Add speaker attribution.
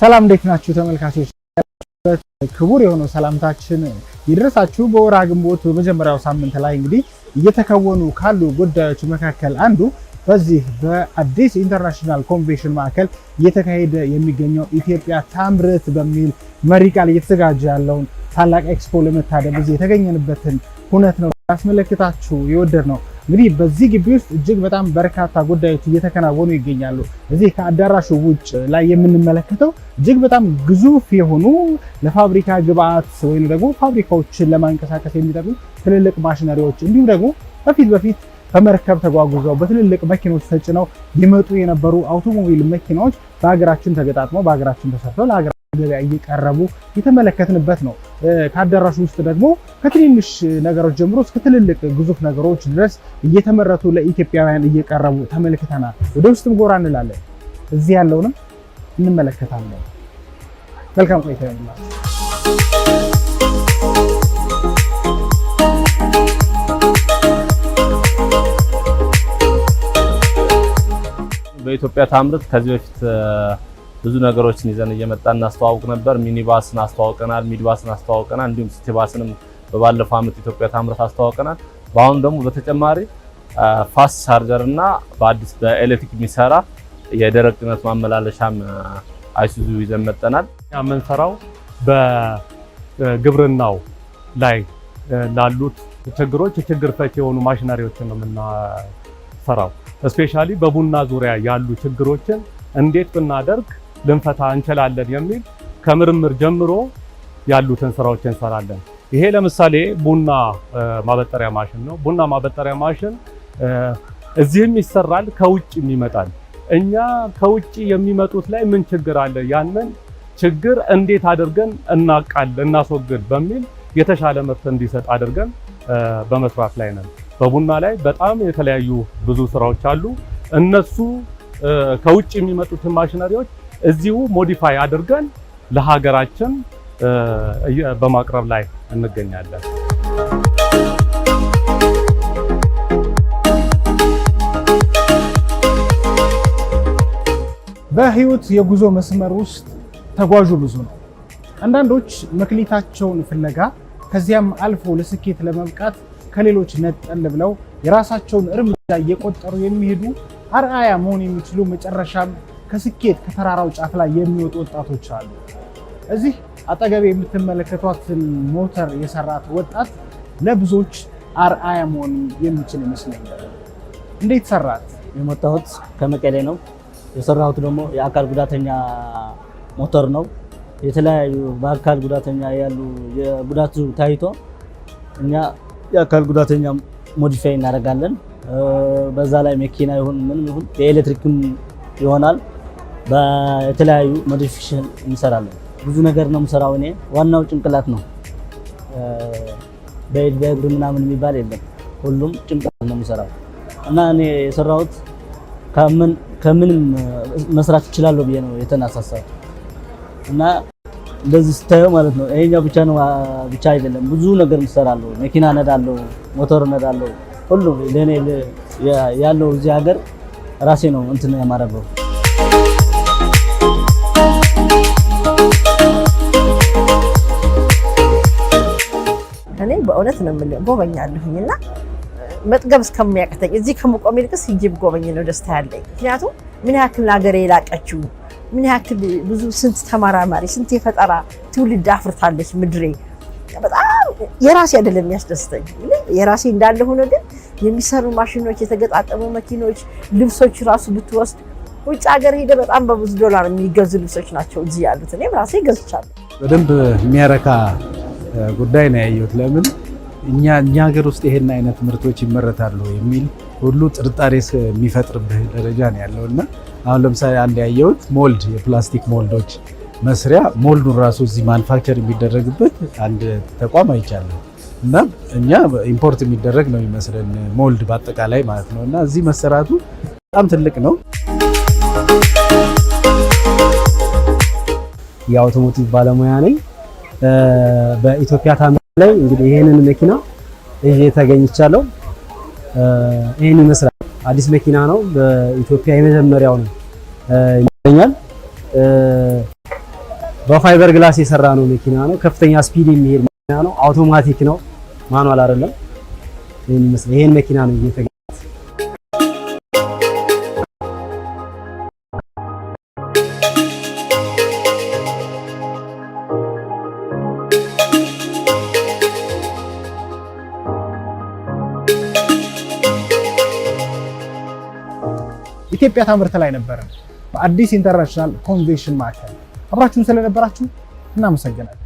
Speaker 1: ሰላም እንዴት ናችሁ ተመልካቾች? ክቡር የሆነው ሰላምታችን ይድረሳችሁ። በወርሃ ግንቦት በመጀመሪያው ሳምንት ላይ እንግዲህ እየተከወኑ ካሉ ጉዳዮች መካከል አንዱ በዚህ በአዲስ ኢንተርናሽናል ኮንቬንሽን ማዕከል እየተካሄደ የሚገኘው ኢትዮጵያ ታምርት በሚል መሪ ቃል እየተዘጋጀ ያለውን ታላቅ ኤክስፖ ለመታደም እዚህ የተገኘንበትን ሁነት ነው ያስመለክታችሁ የወደድ ነው እንግዲህ በዚህ ግቢ ውስጥ እጅግ በጣም በርካታ ጉዳዮች እየተከናወኑ ይገኛሉ። እዚህ ከአዳራሹ ውጭ ላይ የምንመለከተው እጅግ በጣም ግዙፍ የሆኑ ለፋብሪካ ግብአት ወይም ደግሞ ፋብሪካዎችን ለማንቀሳቀስ የሚጠቅሙ ትልልቅ ማሽነሪዎች እንዲሁም ደግሞ በፊት በፊት በመርከብ ተጓጉዘው በትልልቅ መኪኖች ተጭነው ይመጡ የነበሩ አውቶሞቢል መኪናዎች በሀገራችን ተገጣጥመው በሀገራችን ተሰርተው ለሀገራችን ገበያ እየቀረቡ የተመለከትንበት ነው። ከአዳራሹ ውስጥ ደግሞ ከትንንሽ ነገሮች ጀምሮ እስከ ትልልቅ ግዙፍ ነገሮች ድረስ እየተመረቱ ለኢትዮጵያውያን እየቀረቡ ተመልክተናል። ወደ ውስጥም ጎራ እንላለን፣ እዚህ ያለውንም እንመለከታለን። መልካም ቆይታ ይሆንላችሁ።
Speaker 2: በኢትዮጵያ ታምርት ከዚህ በፊት ብዙ ነገሮችን ይዘን እየመጣን እናስተዋውቅ ነበር። ሚኒባስን አስተዋውቀናል፣ ሚድባስን አስተዋውቀናል፣ እንዲሁም ሲቲባስንም በባለፈው ዓመት ኢትዮጵያ ታምርት አስተዋውቀናል። በአሁኑ ደግሞ በተጨማሪ ፋስት ቻርጀር እና በአዲስ በኤሌክትሪክ የሚሰራ የደረቅ ጭነት ማመላለሻም አይሱዙ ይዘን መጠናል።
Speaker 3: የምንሰራው በግብርናው ላይ ላሉት ችግሮች ችግር ፈቺ የሆኑ ማሽነሪዎችን ነው የምናሰራው። እስፔሻሊ በቡና ዙሪያ ያሉ ችግሮችን እንዴት ብናደርግ ልንፈታ እንችላለን የሚል ከምርምር ጀምሮ ያሉትን ስራዎች እንሰራለን። ይሄ ለምሳሌ ቡና ማበጠሪያ ማሽን ነው። ቡና ማበጠሪያ ማሽን እዚህም ይሰራል፣ ከውጭም ይመጣል። እኛ ከውጭ የሚመጡት ላይ ምን ችግር አለ? ያንን ችግር እንዴት አድርገን እናቃል እናስወግድ በሚል የተሻለ ምርት እንዲሰጥ አድርገን በመስራት ላይ ነን። በቡና ላይ በጣም የተለያዩ ብዙ ስራዎች አሉ። እነሱ ከውጭ የሚመጡትን ማሽነሪዎች እዚሁ ሞዲፋይ አድርገን ለሀገራችን በማቅረብ ላይ እንገኛለን።
Speaker 4: በህይወት የጉዞ መስመር ውስጥ ተጓዡ ብዙ ነው። አንዳንዶች መክሊታቸውን ፍለጋ ከዚያም አልፎ ለስኬት ለመብቃት ከሌሎች ነጠል ብለው የራሳቸውን እርምጃ እየቆጠሩ የሚሄዱ አርአያ መሆን የሚችሉ መጨረሻም ከስኬት ከተራራው ጫፍ ላይ የሚወጡ ወጣቶች አሉ። እዚህ አጠገቤ የምትመለከቷትን ሞተር የሰራት ወጣት ለብዙዎች አርአያ መሆን የሚችል ይመስለኛል። እንዴት ሰራት? የመጣሁት ከመቀሌ ነው። የሰራሁት ደግሞ የአካል ጉዳተኛ ሞተር ነው። የተለያዩ በአካል ጉዳተኛ ያሉ የጉዳቱ ታይቶ እኛ የአካል ጉዳተኛ ሞዲፋይ እናደርጋለን። በዛ ላይ መኪና ይሁን ምንም ይሁን የኤሌክትሪክም ይሆናል። በተለያዩ ሞዲፊኬሽን እንሰራለን። ብዙ ነገር ነው የምሰራው እኔ። ዋናው ጭንቅላት ነው። በእጅ በእግር ምናምን የሚባል የለም። ሁሉም ጭንቅላት ነው የምሰራው እና እኔ የሰራሁት ከምንም መስራት እችላለሁ ብዬ ነው የተነሳሳው እና እንደዚህ ስታየው ማለት ነው ይሄኛው ብቻ ነው ብቻ አይደለም፣ ብዙ ነገር እንሰራለሁ። መኪና ነዳለሁ፣ ሞተር ነዳለው ሁሉም ለእኔ ያለው እዚህ ሀገር ራሴ ነው እንትን የማደርገው።
Speaker 5: በእውነት ነው የምልህ ጎበኛለሁኝ እና መጥገብ እስከሚያቅተኝ እዚህ ከመቆሜ ልቅስ ሂጅ ብጎበኝ ነው ደስታ ያለኝ። ምክንያቱም ምን ያክል ሀገሬ የላቀችው ምን ያክል ብዙ ስንት ተመራማሪ ስንት የፈጠራ ትውልድ አፍርታለች ምድሬ። በጣም የራሴ አይደለም የሚያስደስተኝ የራሴ እንዳለ ሆኖ ግን የሚሰሩ ማሽኖች፣ የተገጣጠሙ መኪኖች፣ ልብሶች ራሱ ብትወስድ ውጭ ሀገር ሄደ በጣም በብዙ ዶላር የሚገዙ ልብሶች ናቸው እዚህ ያሉት። እኔም ራሴ ገዝቻለሁ።
Speaker 6: በደንብ የሚያረካ ጉዳይ ነው ያየሁት። ለምን እኛ እኛ ሀገር ውስጥ ይሄን አይነት ምርቶች ይመረታሉ የሚል ሁሉ ጥርጣሬ የሚፈጥርብህ ደረጃ ነው ያለው እና አሁን ለምሳሌ አንድ ያየሁት ሞልድ የፕላስቲክ ሞልዶች መስሪያ ሞልዱን ራሱ እዚህ ማንፋክቸር የሚደረግበት አንድ ተቋም አይቻለሁ እና እኛ ኢምፖርት የሚደረግ ነው ይመስለን ሞልድ በአጠቃላይ ማለት ነው እና እዚህ መሰራቱ በጣም ትልቅ ነው።
Speaker 7: የአውቶሞቲቭ ባለሙያ ነኝ። በኢትዮጵያ ታምር ላይ እንግዲህ ይሄንን መኪና ይዤ ተገኝቻለሁ። ይሄን ይመስላል። አዲስ መኪና ነው። በኢትዮጵያ የመጀመሪያው ነው ይመስለኛል። በፋይበር ግላስ የሰራ ነው መኪና ነው። ከፍተኛ ስፒድ የሚሄድ መኪና ነው። አውቶማቲክ ነው፣ ማኑዋል አይደለም። ይሄን መኪና ነው
Speaker 1: ኢትዮጵያ ታምርት ላይ ነበረ በአዲስ ኢንተርናሽናል ኮንቬንሽን ማዕከል። አብራችሁን ስለነበራችሁ እናመሰግናለን።